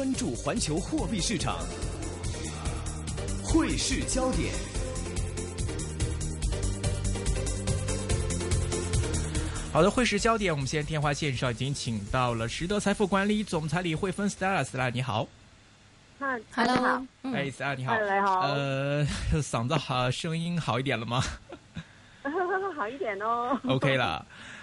關注環球貨幣市場，匯市焦點。好的，匯市焦點，我們現在電話線上已經請到了實德財富管理總裁李慧芬 Stella，你好。哈，Hello。哎，Stella，你好。呃，Hello. uh, 嗓子好，聲音好一點了嗎？ 好一點哦。OK 了。.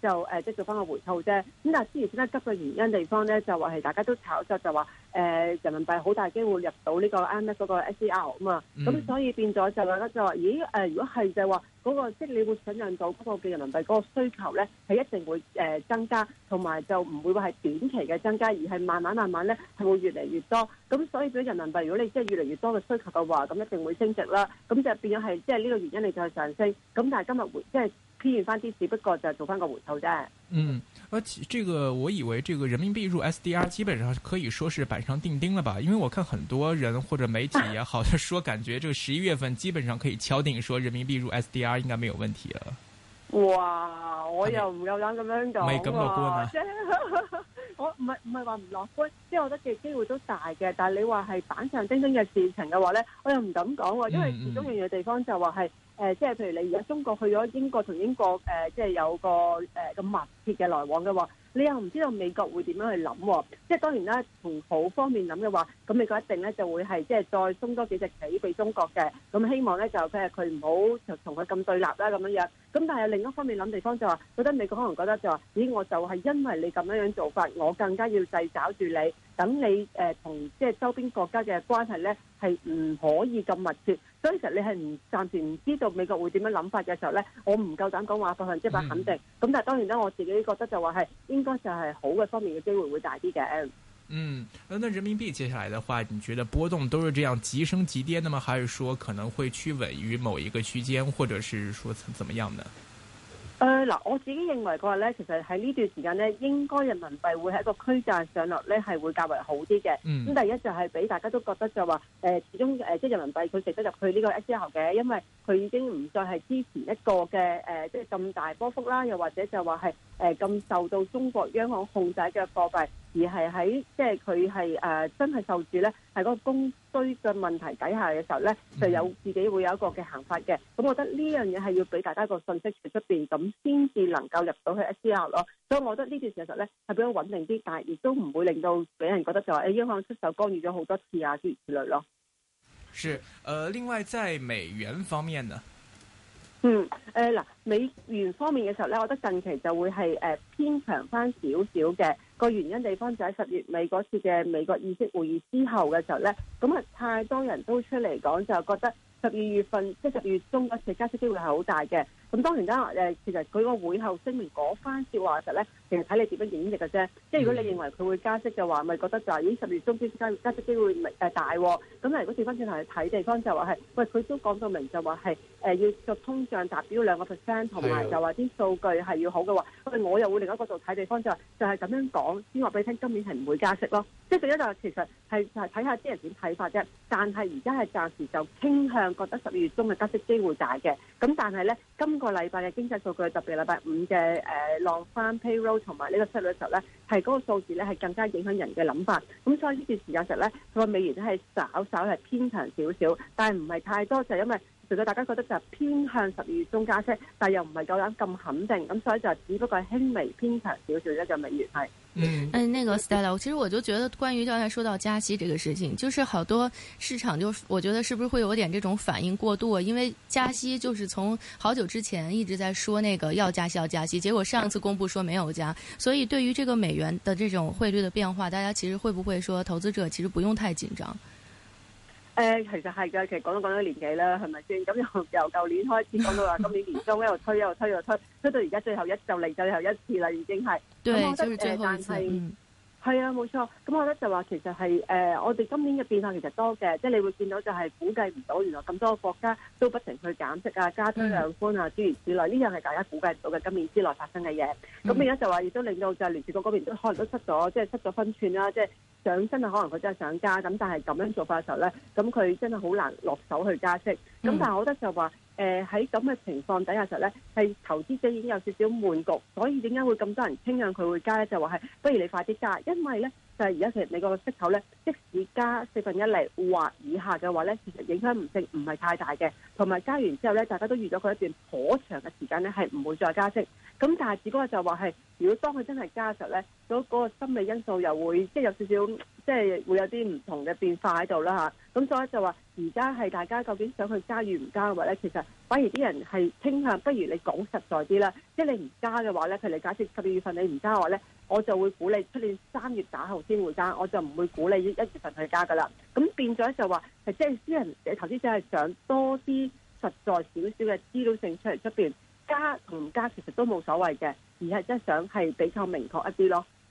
就即、呃就係、做翻個回套啫。咁但係之前先得急嘅原因地方咧，就話係大家都炒作，就話、呃、人民幣好大機會入到呢個 IMF 嗰個 SDR 啊嘛。咁、嗯、所以變咗就係咧，就話咦、呃、如果係就係話嗰個即、就係、你會想象到嗰個嘅人民幣嗰個需求咧，係一定會、呃、增加，同埋就唔會話係短期嘅增加，而係慢慢慢慢咧係會越嚟越多。咁所以如果人民幣如果你即係越嚟越多嘅需求嘅話，咁一定會升值啦。咁就變咗係即係呢個原因嚟就係上升。咁但係今日回即係。就是批完翻啲，事，不過就做翻個回頭啫。嗯，而、啊、且這個，我以為這個人民幣入 SDR 基本上可以說是板上釘釘了吧？因為我看很多人或者媒體也好，佢 說感覺這個十一月份基本上可以敲定，說人民幣入 SDR 應該沒有問題了。哇！我又唔夠膽咁樣講喎、啊啊啊， 即係我唔係唔係話唔樂觀，即係我覺得嘅機會都大嘅。但你話係板上釘釘嘅事情嘅話咧，我又唔敢講喎、啊，嗯、因為其中一樣地方就話係。誒，即係、呃、譬如你而家中國去咗英國同英國，誒、呃，即係有個誒咁密切嘅來往嘅喎，你又唔知道美國會點樣去諗喎、啊？即、呃、係當然啦，從好方面諗嘅話，咁美國一定咧就會係即係再鬆多幾隻棋俾中國嘅，咁希望咧就即係佢唔好就同佢咁對立啦、啊、咁樣樣。咁但係另一方面諗地方就話，覺得美國可能覺得就話，咦，我就係因為你咁樣樣做法，我更加要制找住你，等你誒同即係周邊國家嘅關係咧。係唔可以咁密切，所以其實你係唔暫時唔知道美國會點樣諗法嘅時候咧，我唔夠膽講話百分之百肯定。咁、嗯、但係當然啦，我自己覺得就話係應該就係好嘅方面嘅機會會大啲嘅。嗯，那人民幣接下來的話，你覺得波動都是這樣急升急跌的嗎？還是說可能會趨穩於某一個區間，或者是說怎怎麼樣呢？誒嗱、呃，我自己認為嘅話咧，其實喺呢段時間咧，應該人民幣會喺一個區間上落咧，係會較為好啲嘅。咁、嗯、第一就係俾大家都覺得就話，誒、呃、始終誒即係人民幣佢值得入去呢個 XL 嘅，因為佢已經唔再係支持一個嘅誒，即係咁大波幅啦，又或者就話係。誒咁、嗯嗯、受到中國央行控制嘅貨幣，而係喺即係佢係誒真係受住咧，係嗰個供需嘅問題底下嘅時候咧，就有自己會有一個嘅行法嘅。咁、嗯嗯嗯、我覺得呢樣嘢係要俾大家個信息傳出邊，咁先至能夠入到去 a c 咯。所以我覺得段時呢段時間咧係比較穩定啲，但係亦都唔會令到俾人覺得就話誒央行出手干預咗好多次啊之類咯。是，誒、呃、另外在美元方面呢？嗯，誒、呃、嗱，美元方面嘅時候咧，我覺得近期就會係誒、呃、偏強翻少少嘅，個原因地方就喺十月尾嗰次嘅美國議息會議之後嘅時候咧，咁啊太多人都出嚟講就覺得十二月份即係十、就是、月中嗰次加息機會係好大嘅。咁當然啦，誒，其實佢個會後聲明嗰番說話，實咧，其實睇你點樣演繹嘅啫。即係如果你認為佢會加息嘅話，咪覺得就係咦十月中先加息機會誒大喎。咁如果轉翻轉頭去睇地方，就話係，喂，佢都講到明就，就話係誒要個通脹達標兩個 percent，同埋就話啲數據係要好嘅話，喂的，我又會另一個度睇地方就係就係咁樣講先話俾你聽，今年係唔會加息咯。即係變咗就係、是、其實係係睇下啲人點睇法啫。但係而家係暫時就傾向覺得十二月中嘅加息機會大嘅。咁但係咧。今個禮拜嘅經濟數據，特別禮拜五嘅 non-farm payroll 同埋呢個失業率嘅時候咧，係、那、嗰個數字咧係更加影響人嘅諗法。咁所以呢段時間其實佢個美元係稍稍係偏強少少，但係唔係太多，就係因為，其實大家覺得就係偏向十二月中加息，但又唔係夠膽咁肯定，咁所以就只不過係輕微偏強少少啫嘅美元係。嗯，嗯，那個 Stella 其實我就覺得關於剛才說到加息這個事情，就是好多市場就，我覺得是不是會有點這種反應過度啊？因為加息就是從好久之前一直在說那個要加息要加息，結果上次公布說沒有加，所以對於這個美元的這種匯率的變化，大家其實會不會說投資者其實不用太緊張？誒，其實係噶，其實講到講到年紀啦，係咪先？咁又由舊年開始講到話今年年中一推 一推，一路推又推又推，推到而家最後一就嚟最後一次啦，已經係。對，就是最後一次。係啊，冇錯。咁我覺得就話其實係誒、呃，我哋今年嘅變化其實多嘅，即係你會見到就係估計唔到原來咁多個國家都不停去減息啊，加推量寬啊，諸如的此類。呢樣係大家估計唔到嘅今年之內發生嘅嘢。咁而家就話亦都令到就係聯儲局嗰邊都可能都失咗，即係失咗分寸啦、啊。即係想真係可能佢真係想加，咁但係咁樣做法嘅時候咧，咁佢真係好難落手去加息。咁但係我覺得就話。嗯誒，喺咁嘅情況底下時，實咧係投資者已經有少少悶局，所以點解會咁多人傾向佢會加咧？就話係，不如你快啲加，因為咧。但係而家其實你個息口咧，即使加四分一釐，或以下嘅話咧，其實影響唔正唔係太大嘅。同埋加完之後咧，大家都預咗佢一段頗長嘅時間咧，係唔會再加息。咁但係只不過就話係，如果當佢真係加實咧，嗰個心理因素又會即係有少少，即係會有啲唔同嘅變化喺度啦嚇。咁所以就話而家係大家究竟想去加與唔加嘅話咧，其實反而啲人係傾向不如你講實在啲啦，即係你唔加嘅話咧，譬如你假設十二月份你唔加嘅話咧。我就會鼓勵出年三月打後先會加，我就唔會鼓勵一月份去加噶啦。咁變咗就話係即係啲人，你頭先係想多啲實在少少嘅資料性出嚟出邊加同唔加，其實都冇所謂嘅，而係真係想係比較明確一啲咯。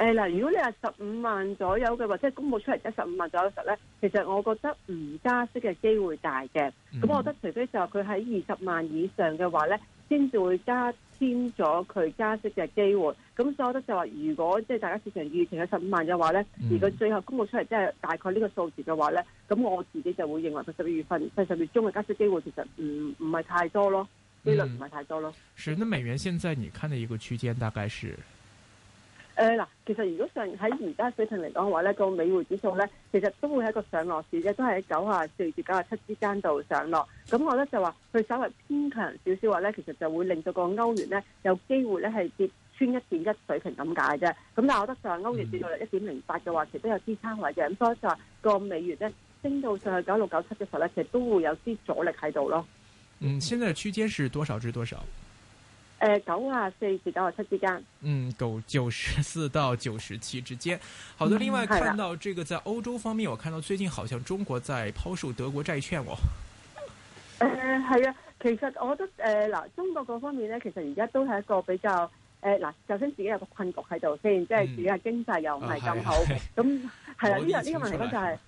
誒嗱，如果你係十五萬左右嘅話，即係公布出嚟一十五萬左右嘅時候咧，其實我覺得唔加息嘅機會大嘅。咁、嗯、我覺得除非就話佢喺二十萬以上嘅話咧，先至會加添咗佢加息嘅機會。咁所以我覺得就話，如果即係大家市場預期有十五萬嘅話咧，嗯、如果最後公布出嚟即係大概呢個數字嘅話咧，咁我自己就會認為佢十二月份、佢十月中嘅加息機會其實唔唔係太多咯，幾率唔係太多咯、嗯。是，那美元現在你看的一個區間大概是？誒嗱，其實如果上喺而家水平嚟講嘅話咧，個美匯指數咧，其實都會喺一個上落市嘅，都係喺九啊四至九啊七之間度上落。咁我咧就話佢稍微偏強少少話咧，其實就會令到個歐元咧有機會咧係跌穿一點一水平咁解啫。咁但係我覺得上係歐元跌到一點零八嘅話，其實都有支撐位嘅。咁所以就話個美元咧升到上去九六九七嘅時候咧，其實都會有啲阻力喺度咯。嗯，現在的區間是多少至多少？誒，九啊四至九啊七之間。嗯，九九十四到九十七之間。好的，嗯、另外看到這個在歐洲方面，我看到最近好像中國在拋售德國債券哦。誒，係啊，其實我覺得誒，嗱、呃，中國嗰方面咧，其實而家都係一個比較誒，嗱、呃，首先自己有個困局喺度先，即係自己嘅經濟又唔係咁好，咁係啦，呢個呢個問題咧就係、是。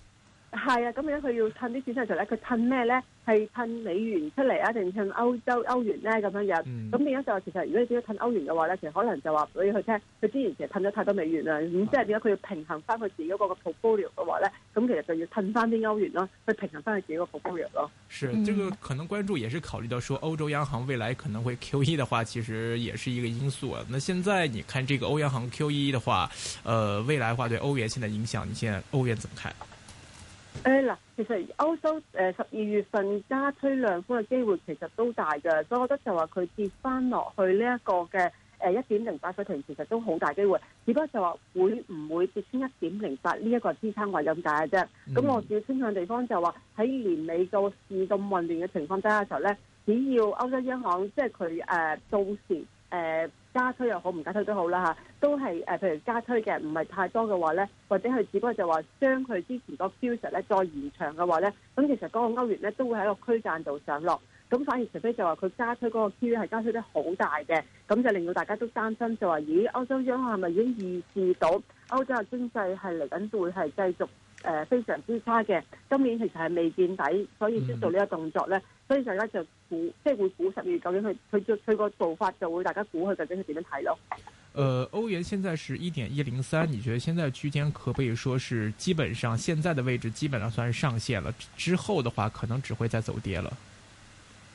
係啊，咁而家佢要褪啲錢出嚟咧，佢褪咩咧？係褪美元出嚟啊，定褪歐洲歐元咧咁樣樣？咁而家就其實，如果你點樣褪歐元嘅話咧，其實可能就話我要佢聽佢之前其實褪咗太多美元啦。咁即係點解佢要平衡翻佢自己嗰個 portfolio 嘅話咧？咁其實就要褪翻啲歐元咯，去平衡翻佢自己個 portfolio 咯。是，這個可能關注也是考慮到，說歐洲央行未來可能會 Q E 的話，其實也是一個因素。啊。那現在你看，這個歐央行 Q E 的話，呃，未來話對歐元現在影響，你現在歐元，元怎麼看？誒嗱，其實歐洲誒十二月份加推量寬嘅機會其實都大嘅，所以我覺得就話佢跌翻落去呢一個嘅，誒一點零八水平，其實都好大機會，只不過就話會唔會跌穿一點零八呢一個支撐位咁大嘅啫。咁、嗯、我主要傾向嘅地方就話喺年尾到市咁混亂嘅情況底下時候咧，只要歐洲央行即係佢，誒到時。誒加、呃、推又好，唔加推好都好啦吓，都係誒，譬、呃、如加推嘅唔係太多嘅話咧，或者佢只不過就話將佢之前個消息咧再延長嘅話咧，咁其實嗰個歐元咧都會喺個區間度上落，咁反而除非就話佢加推嗰個 Q 係加推得好大嘅，咁就令到大家都擔心就話，咦歐洲央行係咪已經預視到歐洲嘅經濟係嚟緊會係繼續誒、呃、非常之差嘅？今年其實係未見底，所以先做呢個動作咧，嗯、所以大家就。即係會估十月究竟，佢佢佢個做法就會大家估佢究竟佢點樣睇咯。呃，歐元現在是一點一零三，你覺得現在區間可唔可以說是基本上現在的位置基本上算是上限了？之後的話可能只會再走跌了。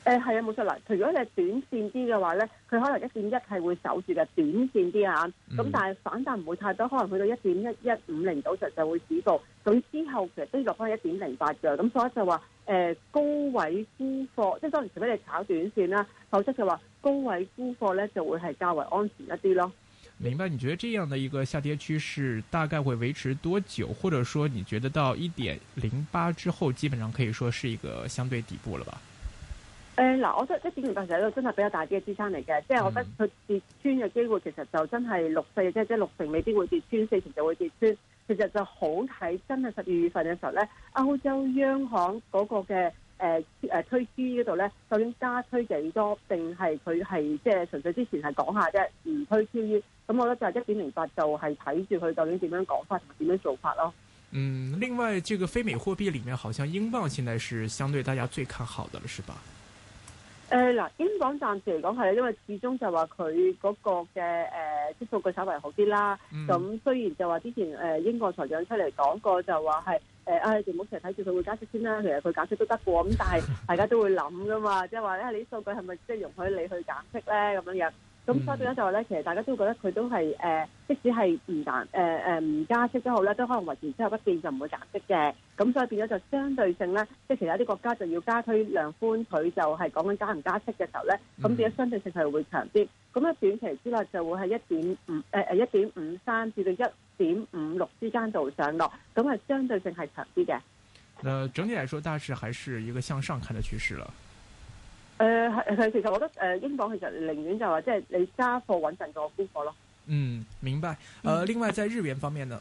誒，係啊、嗯，冇錯嗱，如果你係短線啲嘅話咧，佢可能一點一係會守住嘅短線啲啊。咁但係反彈唔會太多，可能去到一點一一五零九十就會止步。咁之後其實都落翻一點零八嘅，咁所以就話誒、呃、高位沽貨，即係當然除非你炒短線啦，否則就話高位沽貨咧就會係較為安全一啲咯。明白？你覺得這樣的一個下跌趨勢大概會維持多久？或者說，你覺得到一點零八之後，基本上可以說是一個相對底部了吧？誒嗱，我覺得一點零八就係一個真係比較大啲嘅支撐嚟嘅，即係我覺得佢跌穿嘅機會其實就真係六四嘅啫，即係六成未必會跌穿，四成就會跌穿。其實就好睇真係十二月份嘅時候咧，歐洲央行嗰個嘅誒誒推豬嗰度咧，究竟加推幾多，定係佢係即係純粹之前係講下啫，唔推豬？咁我覺得就係一點零八就係睇住佢究竟點樣講法同點樣做法咯。嗯，另外，這個非美貨幣裡面，好像英鎊現在是相對大家最看好的了，是吧？誒嗱，英國暫時嚟講係，因為始終就話佢嗰個嘅誒啲數據稍微好啲啦。咁、嗯、雖然就話之前誒英國財長出嚟講過就說，就話係誒，唉、哎，就唔好成日睇住佢會減息先啦，其實佢減息都得嘅。咁但係大家都會諗嘅嘛，即係話咧，你啲數據係咪即容許你去減息咧？咁樣樣。咁所以變咗就話咧，嗯、其實大家都覺得佢都係誒，即使係唔減誒誒唔加息都好咧，都可能維持之後不變就唔會減息嘅。咁所以變咗就相對性咧，即係其他啲國家就要加推量寬，佢就係講緊加唔加息嘅時候咧，咁變咗相對性係會強啲。咁咧、嗯、短期之內就會係一點五誒誒一點五三至到一點五六之間度上落，咁係相對性係強啲嘅。誒，整體嚟講，大致還是一個向上看嘅趨勢啦。誒，係其實我覺得誒，英鎊其實寧願就話，即係你揸貨穩陣過沽貨咯。嗯，明白。誒，另外在日元方面呢？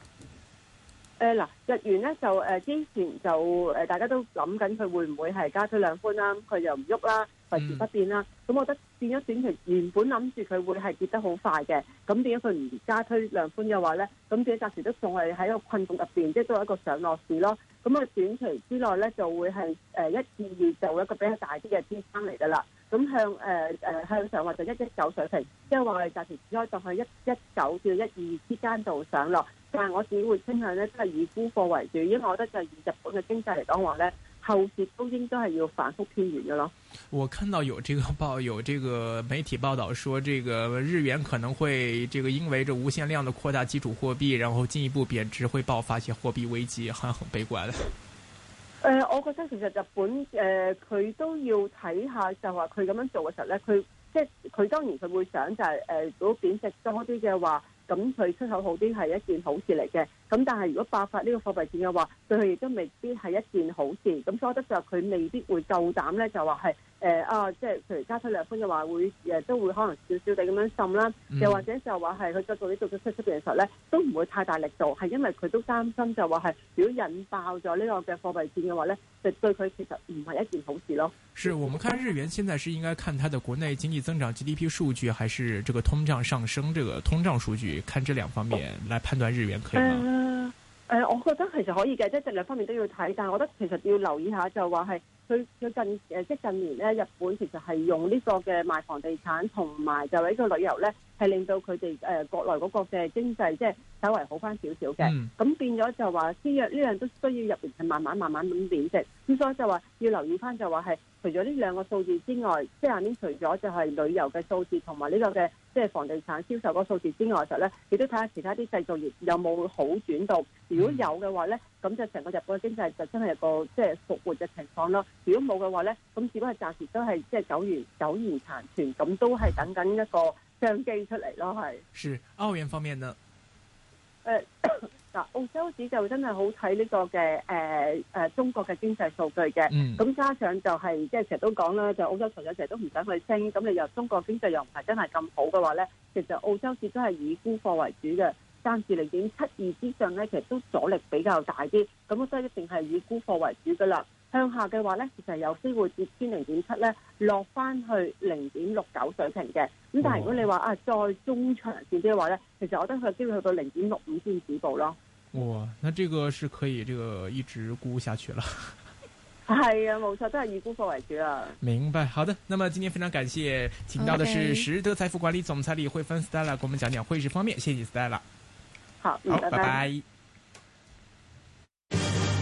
誒，嗱，日元咧就誒之前就誒大家都諗緊佢會唔會係加推量寬啦，佢就唔喐啦。維持、嗯、不變啦，咁我覺得變咗短期原本諗住佢會係跌得好快嘅，咁變咗佢唔加推量寬嘅話咧，咁即係暫時都仲係喺個困局入邊，即係都係一個上落市咯。咁啊，短期之內咧就會係誒、呃、一二二就會一個比較大啲嘅支撐嚟噶啦。咁向誒誒、呃呃、向上或就一一九水平，即係話我哋暫時只可以當係一一九至一二二之間度上落。但係我自己會傾向咧都係以沽貨為主，因為我覺得就以日本嘅經濟嚟講話咧。後市都應該係要反覆偏躍嘅咯。我看到有這個報有這個媒體報道說，這個日元可能會這個因為這無限量的擴大基礎貨幣，然後進一步貶值，會爆發一些貨幣危機，好像很悲觀。誒、呃，我覺得其實日本誒，佢、呃、都要睇下，就話佢咁樣做嘅時候咧，佢即係佢當然佢會想就係、是、誒，如果貶值多啲嘅話。咁佢出口好啲係一件好事嚟嘅，咁但係如果爆發呢個貨幣戰嘅話，對佢亦都未必係一件好事。咁所以得就佢未必會夠膽咧，就話係。誒啊，即係譬如加息量寬嘅話，會誒、呃、都會可能少少地咁樣滲啦，又、嗯、或者就話係佢在做呢度嘅出出嘅時候咧，都唔會太大力度，係因為佢都擔心就話係如果引爆咗呢個嘅貨幣戰嘅話咧，就對佢其實唔係一件好事咯。是我們看日元，現在是應該看它的國內經濟增長 GDP 數據，還是這個通脹上升，這個通脹數據，看這兩方面來判斷日元可以嗎？誒、呃呃，我覺得其實可以嘅，即係兩方面都要睇，但係我覺得其實要留意下就話係。佢佢近誒即近年咧，日本其實係用呢個嘅賣房地產同埋就係呢個旅遊咧，係令到佢哋誒國內嗰個嘅經濟即係稍為好翻少少嘅。咁、嗯、變咗就話呢樣呢樣都需要入邊係慢慢慢慢咁貶值。咁所以就話要留意翻就話係。除咗呢兩個數字之外，即係下面除咗就係旅遊嘅數字同埋呢個嘅即係房地產銷售嗰個數字之外嘅時候咧，亦都睇下其他啲製造業有冇會好轉到。如果有嘅話咧，咁就成個日本嘅經濟就真係一個即係復活嘅情況咯。如果冇嘅話咧，咁只不過暫時都係即係苟延苟延殘存，咁都係等緊一個商機出嚟咯。係。是澳元方面呢？誒，嗱， 澳洲市就真係好睇呢個嘅，誒、啊、誒、啊，中國嘅經濟數據嘅，咁、嗯、加上就係即係成日都講啦，就是、澳洲財有成日都唔想去升，咁你又中國經濟又唔係真係咁好嘅話咧，其實澳洲市都係以沽貨為主嘅，暫時零點七二之上咧，其實都阻力比較大啲，咁所以一定係以沽貨為主噶啦。向下嘅話咧，其實有機會跌穿零點七咧，落翻去零點六九水平嘅。咁但係如果你話、哦、啊再中長線嘅話咧，其實我覺得佢有機會去到零點六五先止步咯。哇、哦，那這個是可以這個一直沽下去啦。係 啊，冇錯，都係以沽貨為主啊。明白，好的。那麼今天非常感謝，請到的是實德財富管理總裁李慧芬 Stella，跟我們講講匯市方面。謝謝 Stella。好，拜拜好。好